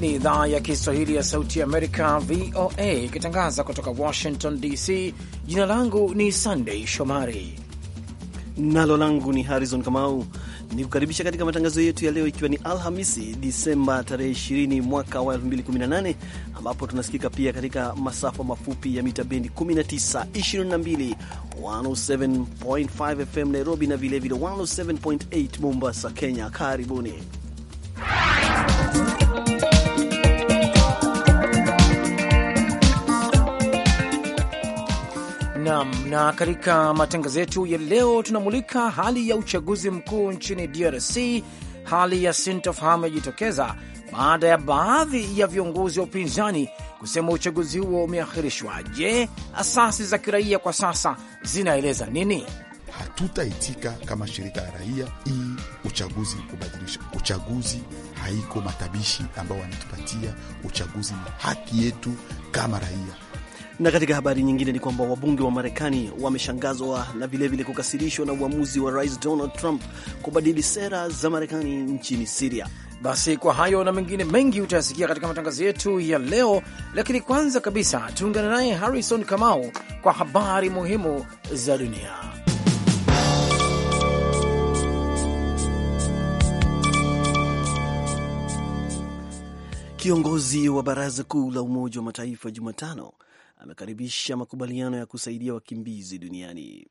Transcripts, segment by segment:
Hii ni idhaa ya Kiswahili ya Sauti ya Amerika, VOA, ikitangaza kutoka Washington DC. Jina langu ni Sandei Shomari nalo langu ni Harrison Kamau ni kukaribisha katika matangazo yetu ya leo, ikiwa ni Alhamisi Disemba tarehe 20 mwaka wa 2018, ambapo tunasikika pia katika masafa mafupi ya mita bendi 19, 22, 107.5 FM Nairobi na vilevile 107.8 Mombasa, Kenya. Karibuni Nam. Na katika matangazo yetu ya leo tunamulika hali ya uchaguzi mkuu nchini DRC, hali ya sintofahamu yajitokeza baada ya baadhi ya viongozi wa upinzani kusema uchaguzi huo umeahirishwa. Je, asasi za kiraia kwa sasa zinaeleza nini? Hatutaitika kama shirika la raia hii uchaguzi kubadilisha uchaguzi. Haiko matabishi ambao wanatupatia uchaguzi, ni haki yetu kama raia. Na katika habari nyingine ni kwamba wabunge wa Marekani wameshangazwa na vilevile kukasirishwa na uamuzi wa Rais Donald Trump kubadili sera za Marekani nchini Siria. Basi kwa hayo na mengine mengi utayasikia katika matangazo yetu ya leo, lakini kwanza kabisa tuungane naye Harrison Kamau kwa habari muhimu za dunia. Kiongozi wa Baraza Kuu la Umoja wa Mataifa Jumatano amekaribisha makubaliano ya kusaidia wakimbizi duniani.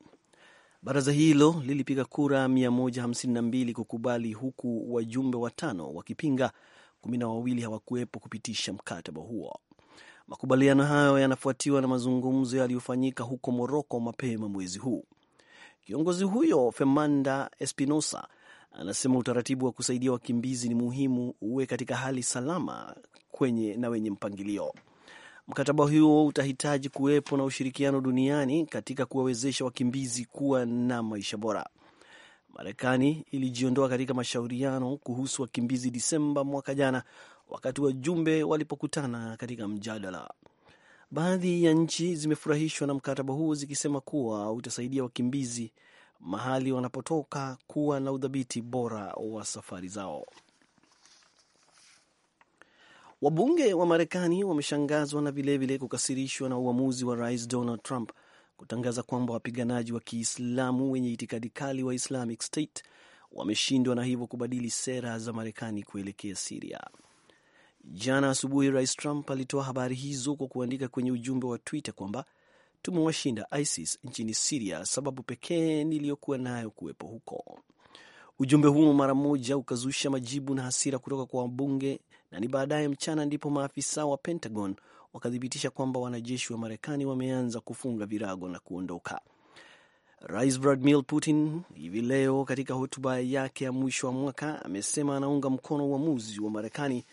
Baraza hilo lilipiga kura 152 kukubali, huku wajumbe watano wakipinga, kumi na wawili hawakuwepo kupitisha mkataba huo. Makubaliano hayo yanafuatiwa na mazungumzo yaliyofanyika huko Moroko mapema mwezi huu. Kiongozi huyo Fernanda Espinosa anasema utaratibu wa kusaidia wakimbizi ni muhimu uwe katika hali salama kwenye na wenye mpangilio. Mkataba huo utahitaji kuwepo na ushirikiano duniani katika kuwawezesha wakimbizi kuwa na maisha bora. Marekani ilijiondoa katika mashauriano kuhusu wakimbizi Disemba mwaka jana, wakati wajumbe walipokutana katika mjadala. Baadhi ya nchi zimefurahishwa na mkataba huo zikisema kuwa utasaidia wakimbizi mahali wanapotoka kuwa na udhibiti bora wa safari zao. Wabunge wa Marekani wameshangazwa na vilevile kukasirishwa na uamuzi wa Rais Donald Trump kutangaza kwamba wapiganaji wa Kiislamu wenye itikadi kali wa Islamic State wameshindwa na hivyo kubadili sera za Marekani kuelekea Siria. Jana asubuhi, Rais Trump alitoa habari hizo kwa kuandika kwenye ujumbe wa Twitter kwamba tumewashinda ISIS nchini Siria, sababu pekee niliyokuwa nayo kuwepo huko. Ujumbe huo mara moja ukazusha majibu na hasira kutoka kwa wabunge na ni baadaye mchana ndipo maafisa wa Pentagon wakathibitisha kwamba wanajeshi wa Marekani wameanza kufunga virago na kuondoka. Rais Vladimir Putin hivi leo katika hotuba yake ya mwisho wa mwaka amesema anaunga mkono uamuzi wa, Marekani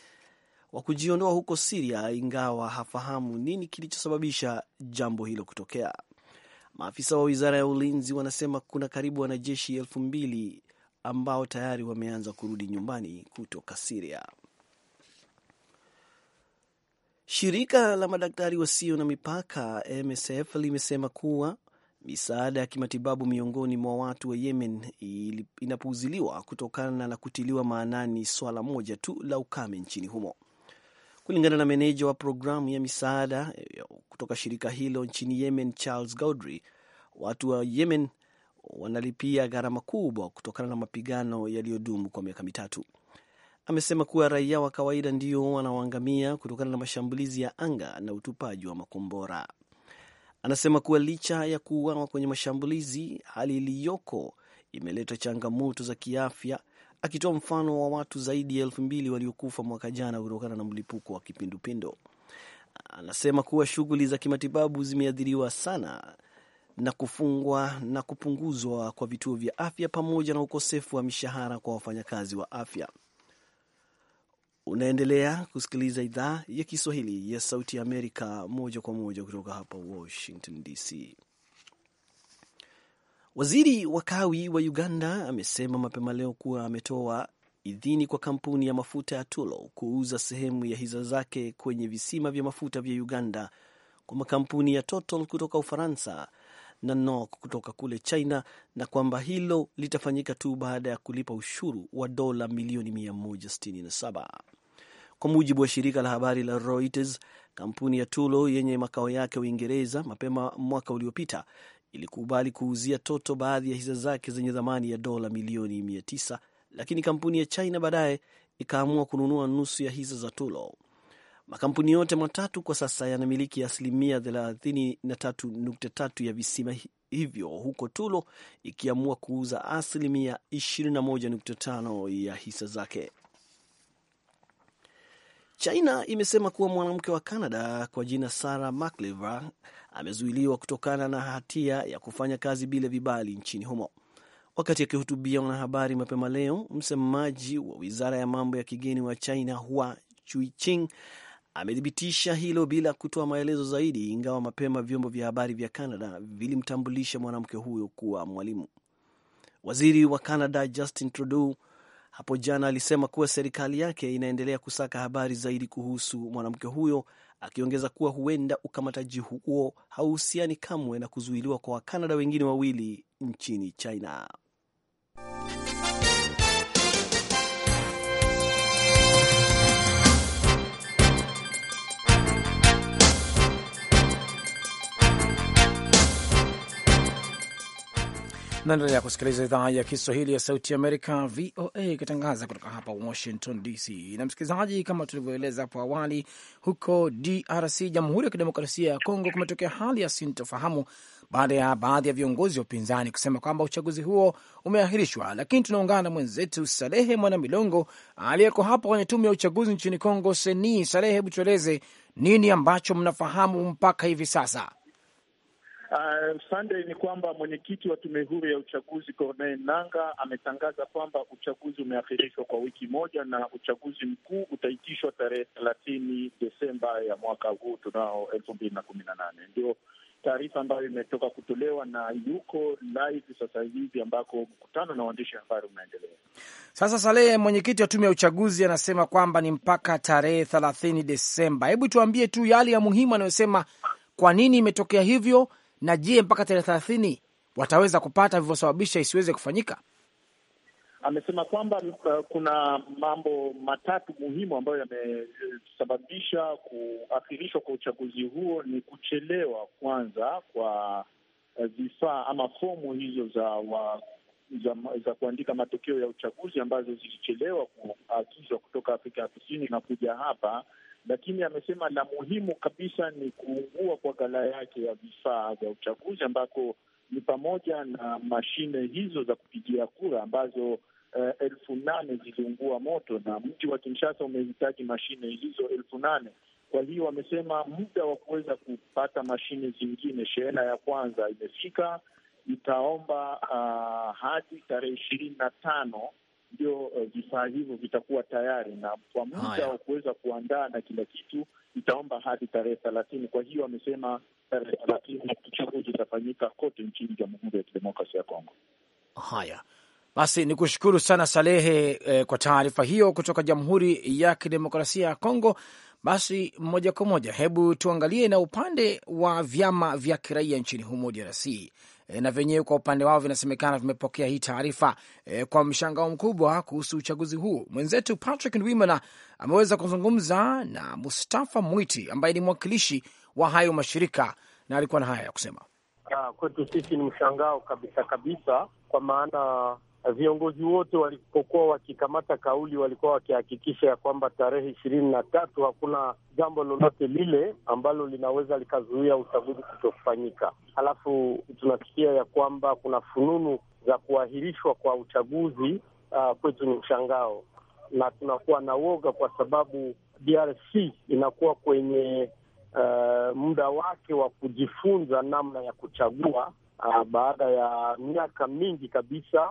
wa kujiondoa huko Siria, ingawa hafahamu nini kilichosababisha jambo hilo kutokea. Maafisa wa wizara ya ulinzi wanasema kuna karibu wanajeshi elfu mbili ambao tayari wameanza kurudi nyumbani kutoka Siria. Shirika la madaktari wasio na mipaka MSF limesema kuwa misaada ya kimatibabu miongoni mwa watu wa Yemen inapuuziliwa kutokana na kutiliwa maanani swala moja tu la ukame nchini humo. Kulingana na meneja wa programu ya misaada eh, kutoka shirika hilo nchini Yemen, Charles Gaudry, watu wa Yemen wanalipia gharama kubwa kutokana na mapigano yaliyodumu kwa miaka mitatu amesema kuwa raia wa kawaida ndio wanaoangamia kutokana na mashambulizi ya anga na utupaji wa makombora. Anasema kuwa licha ya kuuawa kwenye mashambulizi, hali iliyoko imeleta changamoto za kiafya, akitoa mfano wa watu zaidi ya elfu mbili waliokufa mwaka jana kutokana na mlipuko wa kipindupindu. Anasema kuwa shughuli za kimatibabu zimeathiriwa sana na kufungwa na kupunguzwa kwa vituo vya afya pamoja na ukosefu wa mishahara kwa wafanyakazi wa afya. Unaendelea kusikiliza idhaa ya Kiswahili ya Sauti ya Amerika moja kwa moja kutoka hapa Washington DC. Waziri wa kawi wa Uganda amesema mapema leo kuwa ametoa idhini kwa kampuni ya mafuta ya Tullow kuuza sehemu ya hisa zake kwenye visima vya mafuta vya Uganda kwa makampuni ya Total kutoka Ufaransa na NOK kutoka kule China na kwamba hilo litafanyika tu baada ya kulipa ushuru wa dola milioni 167. Kwa mujibu wa shirika la habari la Reuters, kampuni ya Tulo yenye makao yake Uingereza mapema mwaka uliopita ilikubali kuuzia Toto baadhi ya hisa zake zenye thamani ya dola milioni 900, lakini kampuni ya China baadaye ikaamua kununua nusu ya hisa za Tulo. Makampuni yote matatu kwa sasa yanamiliki asilimia 33.3 ya visima hivyo huko Tulo, ikiamua kuuza asilimia 21.5 ya hisa zake. China imesema kuwa mwanamke wa Canada kwa jina Sarah McIver amezuiliwa kutokana na hatia ya kufanya kazi bila vibali nchini humo. Wakati akihutubia wanahabari mapema leo, msemaji wa wizara ya mambo ya kigeni wa China Hua Chuiching amethibitisha hilo bila kutoa maelezo zaidi, ingawa mapema vyombo vya habari vya Canada vilimtambulisha mwanamke huyo kuwa mwalimu. Waziri wa Canada Justin Trudeau hapo jana alisema kuwa serikali yake inaendelea kusaka habari zaidi kuhusu mwanamke huyo, akiongeza kuwa huenda ukamataji huo hauhusiani kamwe na kuzuiliwa kwa Wakanada wengine wawili nchini China. Naendelea kusikiliza idhaa ya Kiswahili ya Sauti Amerika, VOA, ikitangaza kutoka hapa Washington DC. Na msikilizaji, kama tulivyoeleza hapo awali, huko DRC, Jamhuri ya Kidemokrasia ya Kongo, kumetokea hali ya sintofahamu baada ya baadhi ya viongozi wa upinzani kusema kwamba uchaguzi huo umeahirishwa. Lakini tunaungana na mwenzetu Salehe Mwanamilongo aliyeko hapa kwenye tume ya uchaguzi nchini Kongo, Seni. Salehe, hebu tueleze nini ambacho mnafahamu mpaka hivi sasa? Uh, Sunday ni kwamba mwenyekiti wa tume huru ya uchaguzi Corneille Nanga ametangaza kwamba uchaguzi umeahirishwa kwa wiki moja na uchaguzi mkuu utaitishwa tarehe thelathini Desemba ya mwaka huu tunao elfu mbili na kumi na nane. Ndio taarifa ambayo imetoka kutolewa na yuko live sasa hivi ambako mkutano na waandishi habari unaendelea sasa. Salehe, mwenyekiti wa tume ya uchaguzi anasema kwamba ni mpaka tarehe thelathini Desemba. Hebu tuambie tu yale ya muhimu anayosema, kwa nini imetokea hivyo na je, mpaka tarehe thelathini wataweza kupata vilivyosababisha isiweze kufanyika? Amesema kwamba uh, kuna mambo matatu muhimu ambayo yamesababisha kuakhirishwa kwa uchaguzi huo. Ni kuchelewa kwanza kwa uh, vifaa ama fomu hizo za wa, za, za kuandika matokeo ya uchaguzi ambazo zilichelewa kuagizwa kutoka Afrika ya Kusini na kuja hapa lakini amesema la muhimu kabisa ni kuungua kwa ghala yake ya vifaa vya uchaguzi ambako ni pamoja na mashine hizo za kupigia kura ambazo uh, elfu nane ziliungua moto na mji wa Kinshasa umehitaji mashine hizo elfu nane. Kwa hiyo wamesema muda wa kuweza kupata mashine zingine, shehena ya kwanza imefika, itaomba uh, hadi tarehe ishirini na tano ndio eh, vifaa uh, hivyo vitakuwa tayari, na kwa muda wa kuweza kuandaa na kila kitu itaomba hadi tarehe thelathini. Kwa hiyo amesema tarehe thelathini uchaguzi utafanyika kote nchini Jamhuri ya Kidemokrasia ya Kongo. Haya basi, ni kushukuru sana Salehe eh, kwa taarifa hiyo kutoka Jamhuri ya Kidemokrasia ya Kongo. Basi moja kwa moja, hebu tuangalie na upande wa vyama vya kiraia nchini humo DRC e, na vyenyewe kwa upande wao vinasemekana vimepokea hii taarifa e, kwa mshangao mkubwa kuhusu uchaguzi huu. Mwenzetu Patrick Ndwimana ameweza kuzungumza na Mustafa Mwiti ambaye ni mwakilishi wa hayo mashirika na alikuwa na haya ya kusema. Ah, kwetu sisi ni mshangao kabisa kabisa, kwa maana viongozi wote walipokuwa wakikamata kauli walikuwa wakihakikisha ya kwamba tarehe ishirini na tatu hakuna jambo lolote lile ambalo linaweza likazuia uchaguzi kutofanyika. Halafu tunasikia ya kwamba kuna fununu za kuahirishwa kwa uchaguzi. Uh, kwetu ni mshangao na tunakuwa na woga kwa sababu DRC inakuwa kwenye uh, muda wake wa kujifunza namna ya kuchagua uh, baada ya miaka mingi kabisa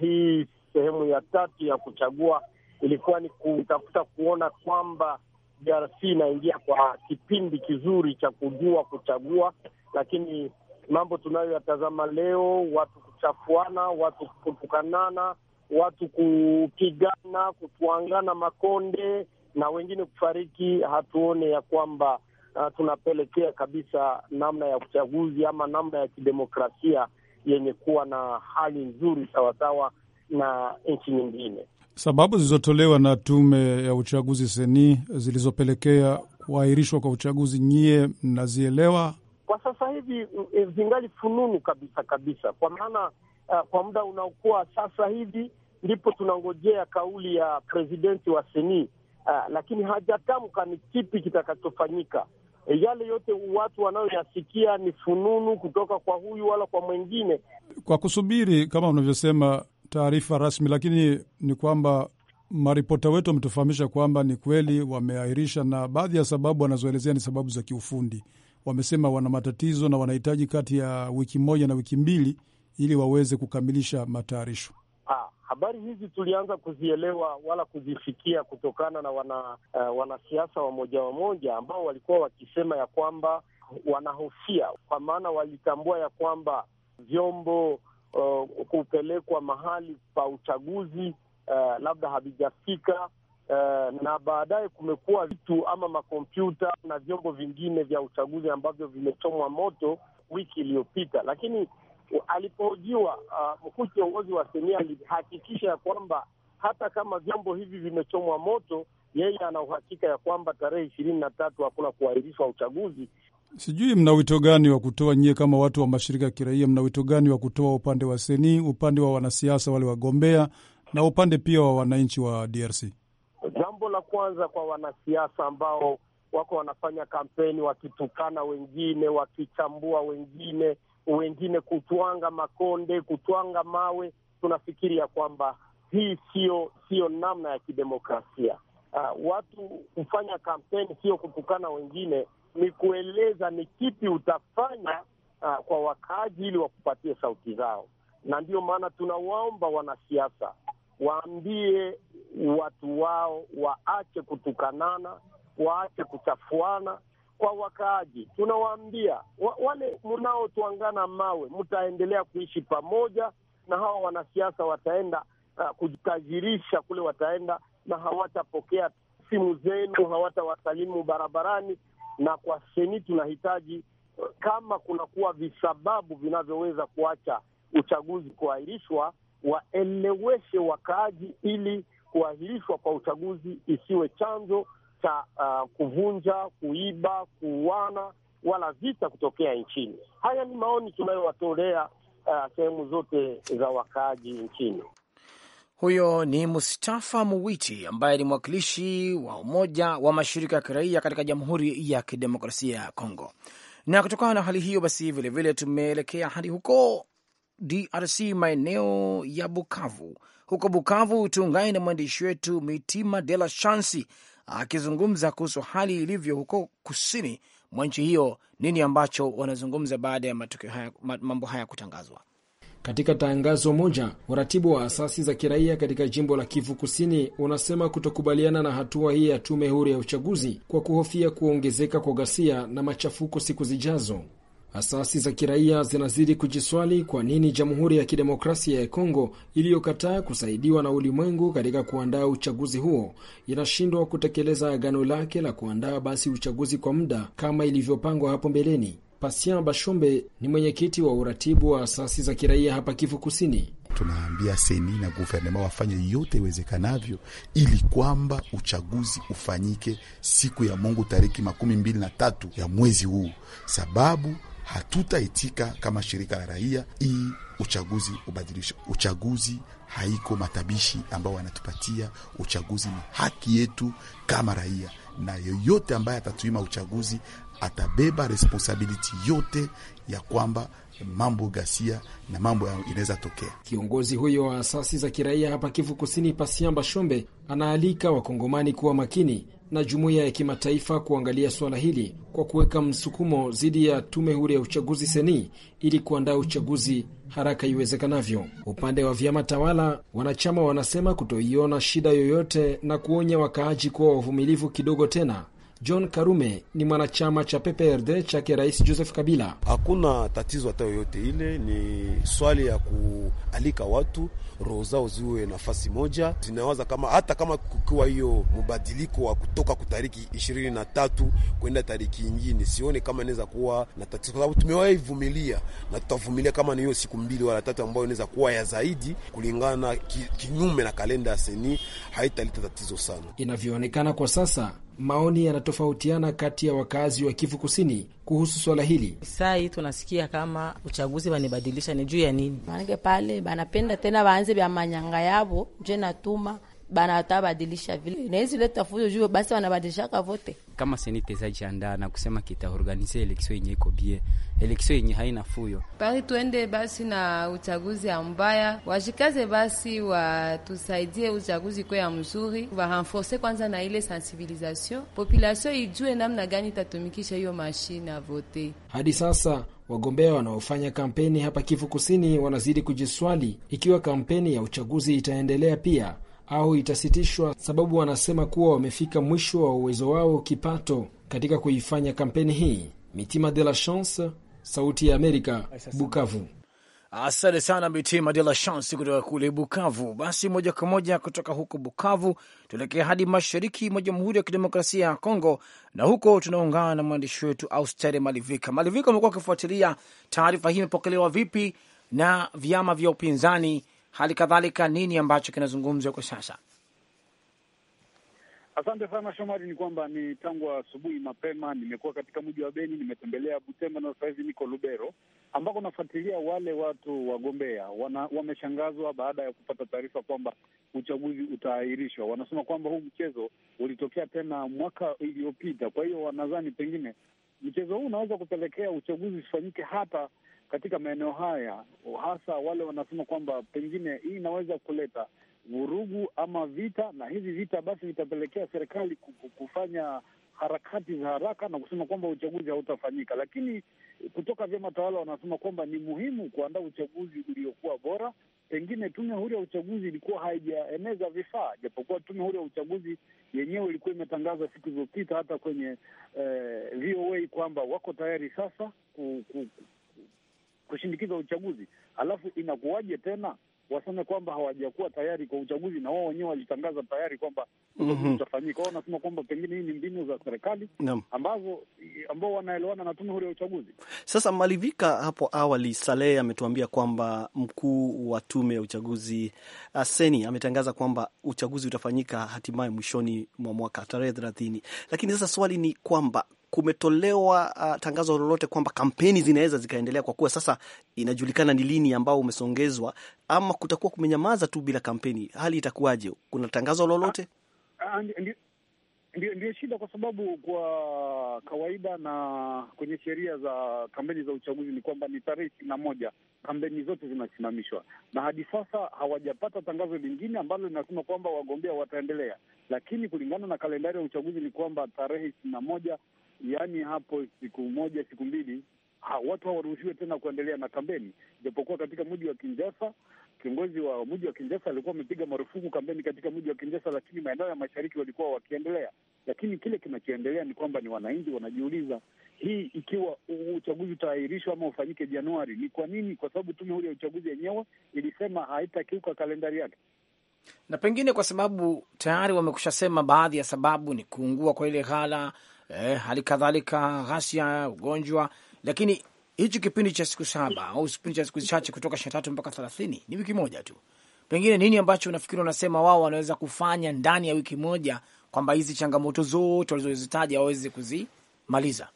hii sehemu ya tatu ya kuchagua ilikuwa ni kutafuta kuona kwamba DRC inaingia kwa kipindi kizuri cha kujua kuchagua, lakini mambo tunayoyatazama leo, watu kuchafuana, watu kutukanana, watu kupigana, kutuangana makonde na wengine kufariki, hatuone ya kwamba uh, tunapelekea kabisa namna ya uchaguzi ama namna ya kidemokrasia yenye kuwa na hali nzuri sawasawa na nchi nyingine. Sababu zilizotolewa na tume ya uchaguzi seni zilizopelekea kuahirishwa kwa uchaguzi, nyie mnazielewa? Kwa sasa hivi eh, zingali fununu kabisa kabisa, kwa maana uh, kwa muda unaokuwa sasa hivi ndipo tunangojea kauli ya presidenti wa seni uh, lakini hajatamka ni kipi kitakachofanyika. Eh, yale yote watu wanayoyasikia ni fununu kutoka kwa huyu wala kwa mwingine, kwa kusubiri kama unavyosema taarifa rasmi. Lakini ni kwamba maripota wetu wametufahamisha kwamba ni kweli wameahirisha, na baadhi ya sababu wanazoelezea ni sababu za kiufundi. Wamesema wana matatizo na wanahitaji kati ya wiki moja na wiki mbili ili waweze kukamilisha matayarisho. Ah, Habari hizi tulianza kuzielewa wala kuzifikia kutokana na wana uh, wanasiasa wamoja wamoja ambao walikuwa wakisema ya kwamba wanahofia, kwa maana walitambua ya kwamba vyombo uh, kupelekwa mahali pa uchaguzi uh, labda havijafika uh, na baadaye kumekuwa vitu ama makompyuta na vyombo vingine vya uchaguzi ambavyo vimechomwa moto wiki iliyopita, lakini alipohojiwa uh, mkuu kiongozi wa Semia alihakikisha ya kwamba hata kama vyombo hivi vimechomwa moto, yeye ana uhakika ya kwamba tarehe ishirini na tatu hakuna kuahirishwa uchaguzi. Sijui mna wito gani wa kutoa nyie, kama watu wa mashirika ya kiraia, mna wito gani wa kutoa upande wa Seni, upande wa wanasiasa wale wagombea, na upande pia wa wananchi wa DRC? Jambo la kwanza kwa wanasiasa ambao wako wanafanya kampeni wakitukana wengine, wakichambua wengine wengine kutwanga makonde, kutwanga mawe, tunafikiri ya kwamba hii sio sio namna ya kidemokrasia. Uh, watu kufanya kampeni sio kutukana wengine, ni kueleza ni kipi utafanya uh, kwa wakaaji ili wakupatie sauti zao, na ndiyo maana tunawaomba wanasiasa waambie watu wao waache kutukanana, waache kuchafuana kwa wakaaji, tunawaambia wa, wale mnaotwangana mawe mtaendelea kuishi pamoja na hawa wanasiasa, wataenda uh, kujitajirisha kule, wataenda na hawatapokea simu zenu, hawatawasalimu barabarani. Na kwa seni tunahitaji uh, kama kunakuwa visababu vinavyoweza kuacha uchaguzi kuahirishwa, waeleweshe wakaaji ili kuahirishwa kwa uchaguzi isiwe chanzo cha uh, kuvunja, kuiba, kuuana wala vita kutokea nchini. Haya ni maoni tunayowatolea uh, sehemu zote za wakaaji nchini. Huyo ni Mustafa Muwiti ambaye ni mwakilishi wa Umoja wa Mashirika ya Kiraia katika Jamhuri ya Kidemokrasia ya Kongo. Na kutokana na hali hiyo basi, vilevile tumeelekea hadi huko DRC, maeneo ya Bukavu. Huko Bukavu tuungane na mwandishi wetu Mitima De La Shansi akizungumza kuhusu hali ilivyo huko kusini mwa nchi hiyo. Nini ambacho wanazungumza baada ya matukio haya, mambo haya kutangazwa? Katika tangazo moja, uratibu wa asasi za kiraia katika jimbo la Kivu Kusini unasema kutokubaliana na hatua hii ya tume huru ya uchaguzi kwa kuhofia kuongezeka kwa ghasia na machafuko siku zijazo. Asasi za kiraia zinazidi kujiswali kwa nini Jamhuri ya Kidemokrasia ya Kongo iliyokataa kusaidiwa na ulimwengu katika kuandaa uchaguzi huo inashindwa kutekeleza agano lake la kuandaa basi uchaguzi kwa muda kama ilivyopangwa hapo mbeleni. Patient Bashombe ni mwenyekiti wa uratibu wa asasi za kiraia hapa Kivu Kusini. Tunaambia seni na guvernema wafanye yote iwezekanavyo ili kwamba uchaguzi ufanyike siku ya Mungu tariki makumi mbili na tatu ya mwezi huu sababu hatutaitika kama shirika la raia hii uchaguzi ubadilishe. Uchaguzi haiko matabishi ambao wanatupatia uchaguzi, ni haki yetu kama raia, na yoyote ambaye atatuima uchaguzi atabeba responsibility yote ya kwamba mambo ghasia na mambo inaweza tokea. Kiongozi huyo wa asasi za kiraia hapa Kivu Kusini, Pasiamba Shombe, anaalika wakongomani kuwa makini na jumuiya ya kimataifa kuangalia suala hili kwa kuweka msukumo dhidi ya tume huru ya uchaguzi seni ili kuandaa uchaguzi haraka iwezekanavyo. Upande wa vyama tawala, wanachama wanasema kutoiona shida yoyote na kuonya wakaaji kuwa wavumilivu kidogo tena John Karume ni mwanachama cha PPRD chake Rais Joseph Kabila. Hakuna tatizo hata yoyote ile, ni swali ya kualika watu roho zao ziwe nafasi moja, zinawaza kama hata kama kukiwa hiyo mubadiliko wa kutoka kutariki ishirini na tatu kwenda tariki ingine, sione kama inaweza kuwa na tatizo, kwa sababu tumewahi vumilia na tutavumilia kama ni hiyo siku mbili wala tatu, ambayo inaweza kuwa ya zaidi kulingana kinyume na kalenda ya seni, haitaleta tatizo sana inavyoonekana kwa sasa. Maoni yanatofautiana kati ya wakazi wa Kivu Kusini kuhusu swala hili. Saa hii tunasikia kama uchaguzi wanibadilisha, ni juu ya nini? Maanake pale banapenda tena waanze vya manyanga yavo, nje natuma banatabadilisha vile na leta fujo juu basi wanabadilishaka vote. Kama senete janda na kusema organize eleksion yenye iko bie, eleksion yenye haina fuyo pari, tuende basi na uchaguzi ambaya washikaze basi watusaidie uchaguzi kwa ya mzuri, warenforce kwanza na ile sensibilisation population ijue namna gani itatumikisha hiyo mashine ya vote. Hadi sasa wagombea wanaofanya kampeni hapa Kivu Kusini wanazidi kujiswali ikiwa kampeni ya uchaguzi itaendelea pia au itasitishwa, sababu wanasema kuwa wamefika mwisho wa uwezo wao kipato katika kuifanya kampeni hii. Mitima de la Chance, Sauti ya Amerika, Bukavu. Asante sana Mitima de la Chance kutoka kule Bukavu. Basi moja kwa moja kutoka huko Bukavu tuelekea hadi mashariki mwa Jamhuri ya Kidemokrasia ya Kongo, na huko tunaungana na mwandishi wetu Austere Malivika. Malivika, umekuwa ukifuatilia taarifa hii, imepokelewa vipi na vyama vya upinzani hali kadhalika, nini ambacho kinazungumzwa kwa sasa? Asante sana Shomari, ni kwamba ni tangu asubuhi mapema nimekuwa katika mji wa Beni, nimetembelea Butembo na sasahizi niko Lubero ambako nafuatilia wale watu wagombea wana, wameshangazwa baada ya kupata taarifa kwamba uchaguzi utaahirishwa. Wanasema kwamba huu mchezo ulitokea tena mwaka iliyopita, kwa hiyo wanadhani pengine mchezo huu unaweza kupelekea uchaguzi usifanyike hata katika maeneo haya, hasa wale wanasema kwamba pengine hii inaweza kuleta vurugu ama vita, na hivi vita basi vitapelekea serikali kufanya harakati za haraka na kusema kwamba uchaguzi hautafanyika. Lakini kutoka vyama tawala wanasema kwamba ni muhimu kuandaa uchaguzi uliokuwa bora. Pengine tume huru ya uchaguzi ilikuwa haijaeneza vifaa, japokuwa tume huru ya uchaguzi yenyewe ilikuwa imetangaza siku zilizopita hata kwenye eh, VOA kwamba wako tayari sasa ku, ku, kushindikiza uchaguzi, alafu inakuwaje tena waseme kwamba hawajakuwa tayari kwa uchaguzi na wao wenyewe walitangaza tayari kwamba mhm. utafanyika. mm -hmm. wanasema kwamba pengine hii ni mbinu za serikali ambazo ambao wanaelewana na tume huru ya uchaguzi. Sasa malivika hapo awali, Saleh ametuambia kwamba mkuu wa tume ya uchaguzi uh, Seni ametangaza kwamba uchaguzi utafanyika hatimaye mwishoni mwa mwaka tarehe thelathini, lakini sasa swali ni kwamba kumetolewa uh, tangazo lolote kwamba kampeni zinaweza zikaendelea, kwa kuwa sasa inajulikana ni lini ambao umesongezwa, ama kutakuwa kumenyamaza tu bila kampeni? Hali itakuwaje? Kuna tangazo lolote? Ah, ah, Ndiyo shida, kwa sababu kwa kawaida na kwenye sheria za kampeni za uchaguzi ni kwamba ni tarehe ishirini na moja kampeni zote zinasimamishwa, na hadi sasa hawajapata tangazo lingine ambalo linasema kwamba wagombea wataendelea, lakini kulingana na kalendari ya uchaguzi ni kwamba tarehe ishirini na moja yaani hapo siku moja siku mbili ha, watu hawaruhusiwe tena kuendelea na kampeni, japokuwa katika mji wa Kinjasa kiongozi wa mji wa Kinjasa alikuwa amepiga marufuku kampeni katika mji wa Kinjasa, lakini maeneo ya mashariki walikuwa wakiendelea. Lakini kile kinachoendelea ni kwamba ni wananchi wanajiuliza, hii ikiwa uchaguzi utaahirishwa ama ufanyike Januari, ni kwa nini? Kwa sababu tume huru ya uchaguzi yenyewe ilisema haitakiuka kalendari yake, na pengine kwa sababu tayari wamekusha sema baadhi ya sababu ni kuungua kwa ile ghala eh, hali kadhalika ghasia, ugonjwa. Lakini hichi kipindi cha siku saba au kipindi cha siku chache kutoka ishirini na tatu mpaka thelathini ni wiki moja tu, pengine nini ambacho unafikiri unasema wao wanaweza kufanya ndani ya wiki moja kwamba hizi changamoto zote walizozitaja waweze kuzimaliza?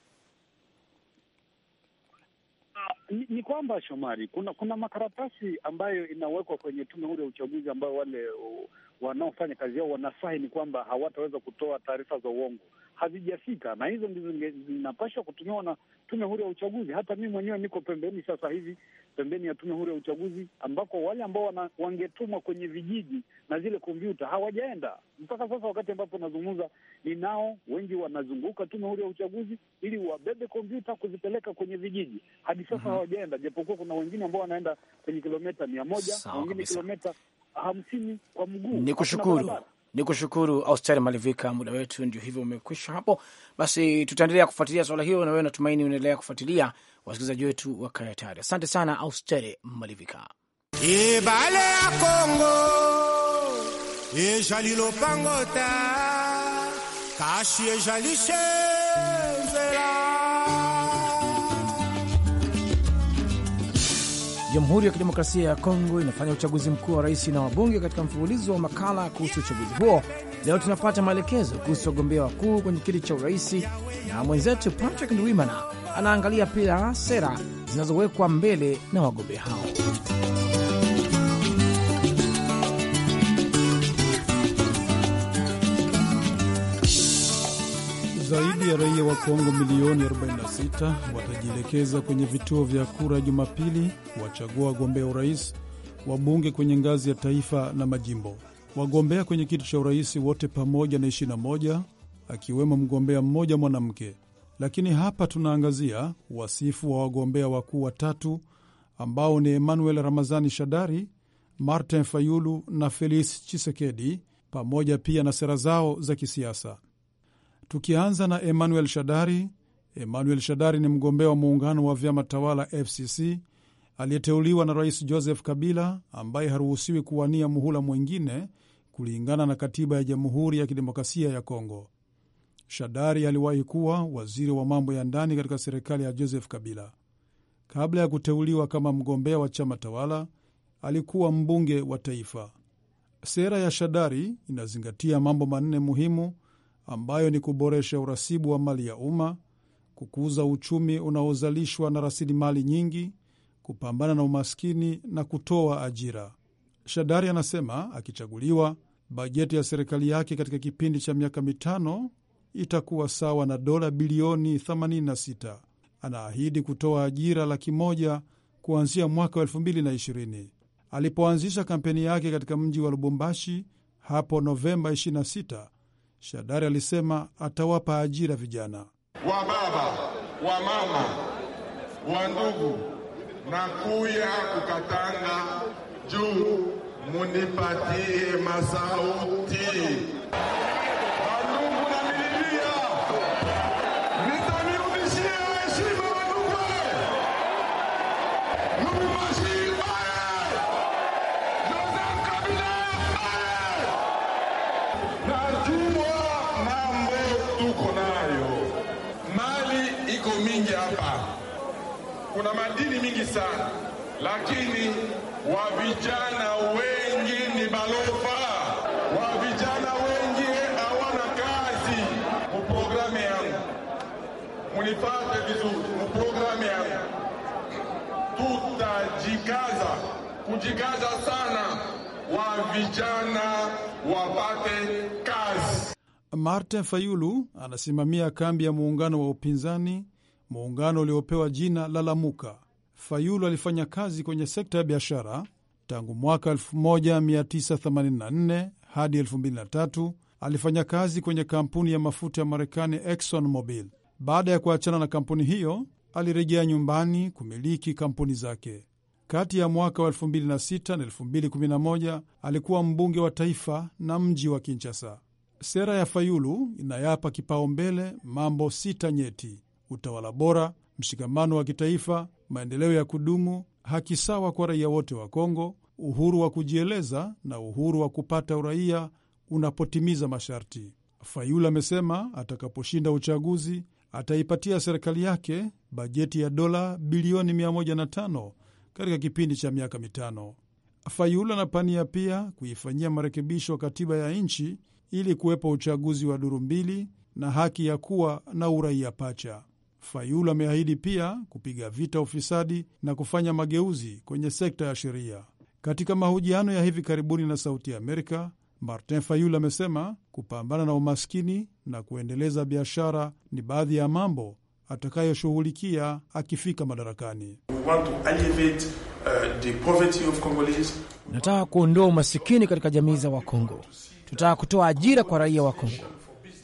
Ah, ni, ni kwamba Shomari, kuna kuna makaratasi ambayo inawekwa kwenye tume huru ya uchaguzi ambayo wale uh, wanaofanya kazi yao wanasahi ni kwamba hawataweza kutoa taarifa za uongo hazijafika, na hizo ndizo zinapaswa kutumiwa na tume huru ya uchaguzi. Hata mii mwenyewe niko pembeni sasa hivi, pembeni ya tume huru ya uchaguzi, ambako wale ambao wangetumwa kwenye vijiji na zile kompyuta hawajaenda mpaka sasa. Wakati ambapo nazungumza, ninao wengi wanazunguka tume huru ya uchaguzi ili wabebe kompyuta kuzipeleka kwenye vijiji, hadi sasa mm -hmm. hawajaenda, japokuwa kuna wengine ambao wanaenda kwenye kilometa mia moja wengine kilometa hamsini kwa mguu. Ni kushukuru ni kushukuru Austeri Malivika, muda wetu ndio hivyo umekwisha hapo. Basi tutaendelea kufuatilia swala hiyo na wewe natumaini unaendelea kufuatilia. Wasikilizaji wetu wa Kayatari, asante sana Austeri Malivika. ibale ya Kongo ejalilopangota kashi ejalishe Jamhuri ya Kidemokrasia ya Kongo inafanya uchaguzi mkuu wa rais na wabunge katika mfululizo wa makala kuhusu uchaguzi huo. Leo tunapata maelekezo kuhusu wagombea wakuu kwenye kiti cha urais, na mwenzetu Patrick Ndwimana anaangalia pia sera zinazowekwa mbele na wagombea hao. Zaidi ya raia wa Kongo milioni 46 watajielekeza kwenye vituo vya kura Jumapili kuwachagua wagombea urais, wa bunge kwenye ngazi ya taifa na majimbo. Wagombea kwenye kiti cha urais wote pamoja na 21 akiwemo mgombea mmoja mwanamke. Lakini hapa tunaangazia wasifu wa wagombea wakuu watatu ambao ni Emmanuel Ramazani Shadari, Martin Fayulu na Felix Chisekedi, pamoja pia na sera zao za kisiasa. Tukianza na Emmanuel Shadari. Emmanuel Shadari ni mgombea wa muungano wa vyama tawala FCC aliyeteuliwa na Rais Joseph Kabila ambaye haruhusiwi kuwania muhula mwingine kulingana na katiba ya Jamhuri ya Kidemokrasia ya Kongo. Shadari aliwahi kuwa waziri wa mambo ya ndani katika serikali ya Joseph Kabila. Kabla ya kuteuliwa kama mgombea wa chama tawala, alikuwa mbunge wa taifa. Sera ya Shadari inazingatia mambo manne muhimu ambayo ni kuboresha urasibu wa mali ya umma, kukuza uchumi unaozalishwa na rasilimali nyingi, kupambana na umaskini na kutoa ajira. Shadari anasema akichaguliwa, bajeti ya serikali yake katika kipindi cha miaka mitano itakuwa sawa na dola bilioni 86. Anaahidi kutoa ajira laki moja kuanzia mwaka wa 2020. Alipoanzisha kampeni yake katika mji wa Lubumbashi hapo Novemba 26 Shadari alisema atawapa ajira vijana wa baba wa mama wa ndugu, na kuya kukatanga juu munipatie masauti kuna madini mingi sana, lakini wa vijana wengi ni balofa, wa vijana wengi hawana kazi. Muprogramu yangu munipate vizuri, muprograme yangu tutajikaza kujikaza sana, wa vijana wapate kazi. Martin Fayulu anasimamia kambi ya muungano wa upinzani muungano uliopewa jina la Lamuka. Fayulu alifanya kazi kwenye sekta ya biashara tangu mwaka 1984 hadi 2003. Alifanya kazi kwenye kampuni ya mafuta ya Marekani Exxon Mobil. Baada ya kuachana na kampuni hiyo, alirejea nyumbani kumiliki kampuni zake. Kati ya mwaka wa 2006 na 2011 alikuwa mbunge wa taifa na mji wa Kinshasa. Sera ya Fayulu inayapa kipaumbele mambo sita nyeti utawala bora, mshikamano wa kitaifa, maendeleo ya kudumu, haki sawa kwa raia wote wa Kongo, uhuru wa kujieleza na uhuru wa kupata uraia unapotimiza masharti. Fayulu amesema atakaposhinda uchaguzi ataipatia serikali yake bajeti ya dola bilioni 105 katika kipindi cha miaka mitano. Fayulu anapania pia kuifanyia marekebisho katiba ya nchi ili kuwepo uchaguzi wa duru mbili na haki ya kuwa na uraia pacha. Fayulu ameahidi pia kupiga vita ufisadi na kufanya mageuzi kwenye sekta ya sheria. Katika mahojiano ya hivi karibuni na Sauti ya Amerika, Martin Fayulu amesema kupambana na umaskini na kuendeleza biashara ni baadhi ya mambo atakayoshughulikia akifika madarakani. Uh, Nataka kuondoa umasikini katika jamii za Wakongo. Tunataka kutoa ajira kwa raia wa Kongo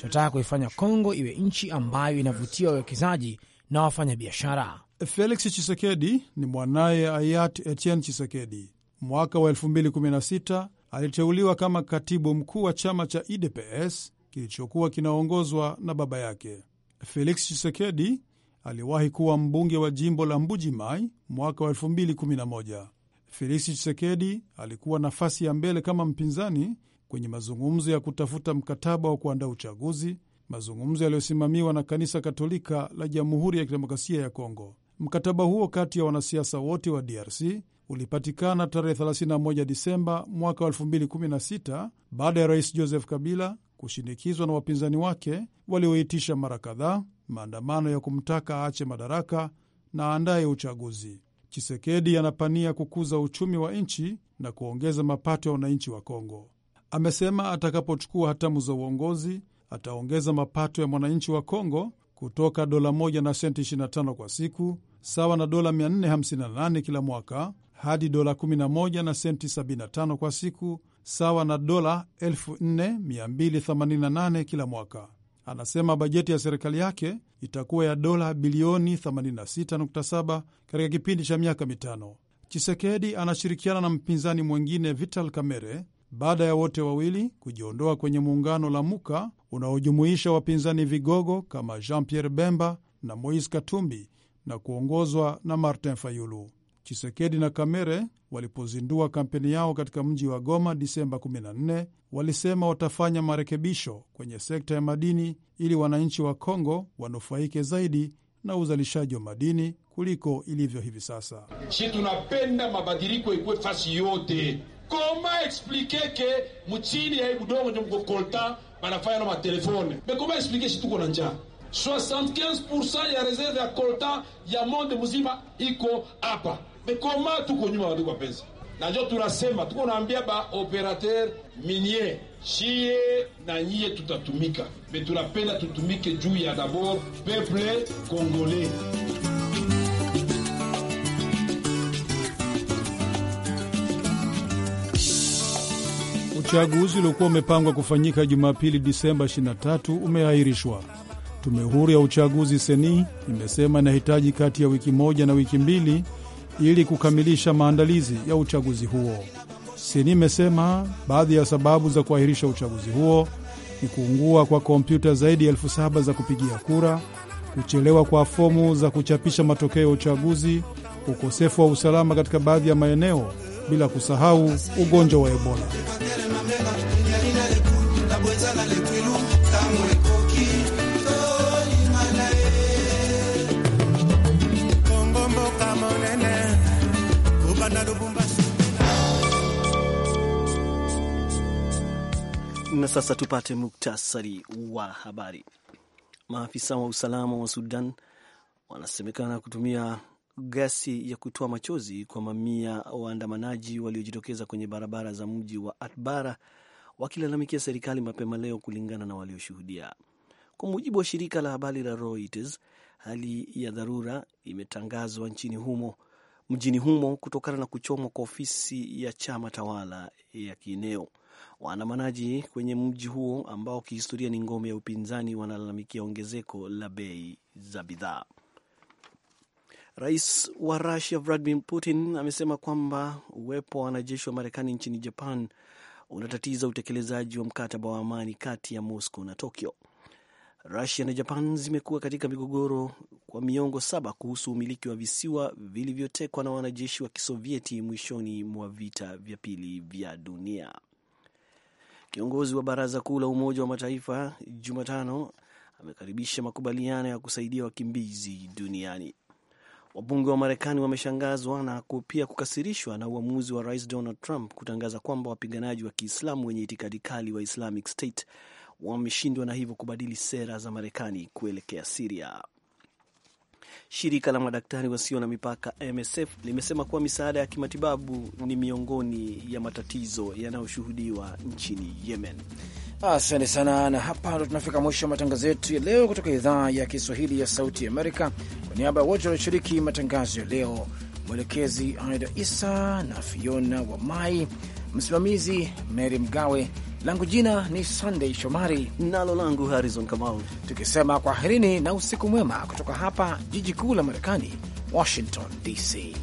tunataka kuifanya Kongo iwe nchi ambayo inavutia wawekezaji na wafanya biashara. Felix Chisekedi ni mwanaye ayat Etienne Chisekedi. Mwaka wa 2016 aliteuliwa kama katibu mkuu wa chama cha UDPS kilichokuwa kinaongozwa na baba yake. Felix Chisekedi aliwahi kuwa mbunge wa jimbo la mbuji mai mwaka wa 2011. Felix Chisekedi alikuwa nafasi ya mbele kama mpinzani kwenye mazungumzo ya kutafuta mkataba wa kuandaa uchaguzi, mazungumzo yaliyosimamiwa na Kanisa Katolika la Jamhuri ya Kidemokrasia ya Kongo. Mkataba huo kati ya wanasiasa wote wa DRC ulipatikana tarehe 31 Disemba mwaka 2016 baada ya Rais Joseph Kabila kushinikizwa na wapinzani wake walioitisha mara kadhaa maandamano ya kumtaka aache madaraka na aandaye uchaguzi. Chisekedi anapania kukuza uchumi wa nchi na kuongeza mapato ya wananchi wa Kongo. Amesema atakapochukua hatamu za uongozi ataongeza mapato ya mwananchi wa Kongo kutoka dola moja na senti 25 kwa siku sawa na dola 458 kila mwaka hadi dola 11 na senti 75 kwa siku sawa na dola 4288 kila mwaka. Anasema bajeti ya serikali yake itakuwa ya dola bilioni 86.7 katika kipindi cha miaka mitano. Chisekedi anashirikiana na mpinzani mwengine Vital Kamerhe baada ya wote wawili kujiondoa kwenye muungano la muka unaojumuisha wapinzani vigogo kama Jean Pierre Bemba na Moise Katumbi na kuongozwa na Martin Fayulu. Chisekedi na Kamere walipozindua kampeni yao katika mji wa Goma Disemba 14, walisema watafanya marekebisho kwenye sekta ya madini ili wananchi wa Kongo wanufaike zaidi na uzalishaji wa madini kuliko ilivyo hivi sasa. Si tunapenda mabadiliko ikuwe fasi yote Comment expliquer que mchini ya par la mkokolta banafanya na téléphone Mais comment expliquer si tuko na njaa? 75% ya reserve ya kolta ya monde mzima iko hapa. Mais comment tuko nyuma watu kwa pesa? le ndio tunasema tuko bien ba operateur minier tout na tout tutatumika. Mais tunapenda tutumike juu ya d'abord peuple congolais. Uchaguzi uliokuwa umepangwa kufanyika Jumapili Disemba 23 umeahirishwa. Tume huru ya uchaguzi seni imesema inahitaji kati ya wiki moja na wiki mbili ili kukamilisha maandalizi ya uchaguzi huo. Seni imesema baadhi ya sababu za kuahirisha uchaguzi huo ni kuungua kwa kompyuta zaidi ya elfu saba za kupigia kura, kuchelewa kwa fomu za kuchapisha matokeo ya uchaguzi, ukosefu wa usalama katika baadhi ya maeneo, bila kusahau ugonjwa wa Ebola. Na sasa tupate muktasari wa habari. Maafisa wa usalama wa Sudan wanasemekana kutumia gasi ya kutoa machozi kwa mamia waandamanaji waliojitokeza kwenye barabara za mji wa Atbara wakilalamikia serikali mapema leo, kulingana na walioshuhudia. Kwa mujibu wa shirika la habari la Reuters, hali ya dharura imetangazwa nchini humo, mjini humo kutokana na kuchomwa kwa ofisi ya chama tawala ya kieneo. Waandamanaji kwenye mji huo ambao kihistoria ni ngome ya upinzani wanalalamikia ongezeko la bei za bidhaa. Rais wa Rusia Vladimir Putin amesema kwamba uwepo wa wanajeshi wa Marekani nchini Japan unatatiza utekelezaji wa mkataba wa amani kati ya Moscow na Tokyo. Rusia na Japan zimekuwa katika migogoro kwa miongo saba kuhusu umiliki wa visiwa vilivyotekwa na wanajeshi wa Kisovieti mwishoni mwa vita vya pili vya dunia. Kiongozi wa Baraza Kuu la Umoja wa Mataifa Jumatano amekaribisha makubaliano ya kusaidia wakimbizi duniani. Wabunge wa Marekani wameshangazwa na pia kukasirishwa na uamuzi wa Rais Donald Trump kutangaza kwamba wapiganaji wa Kiislamu wenye itikadi kali wa Islamic State wameshindwa na hivyo kubadili sera za Marekani kuelekea Siria. Shirika la madaktari wasio na mipaka MSF limesema kuwa misaada ya kimatibabu ni miongoni ya matatizo yanayoshuhudiwa nchini Yemen. Asante sana, na hapa ndo tunafika mwisho wa matangazo yetu ya leo kutoka idhaa ya Kiswahili ya Sauti Amerika. Kwa niaba ya wote walioshiriki matangazo ya leo, mwelekezi Aida Isa na Fiona Wamai, msimamizi mary Mgawe langu jina ni Sunday Shomari, nalo langu Harrison Kamau, tukisema kwaherini na usiku mwema kutoka hapa jiji kuu la Marekani, Washington DC.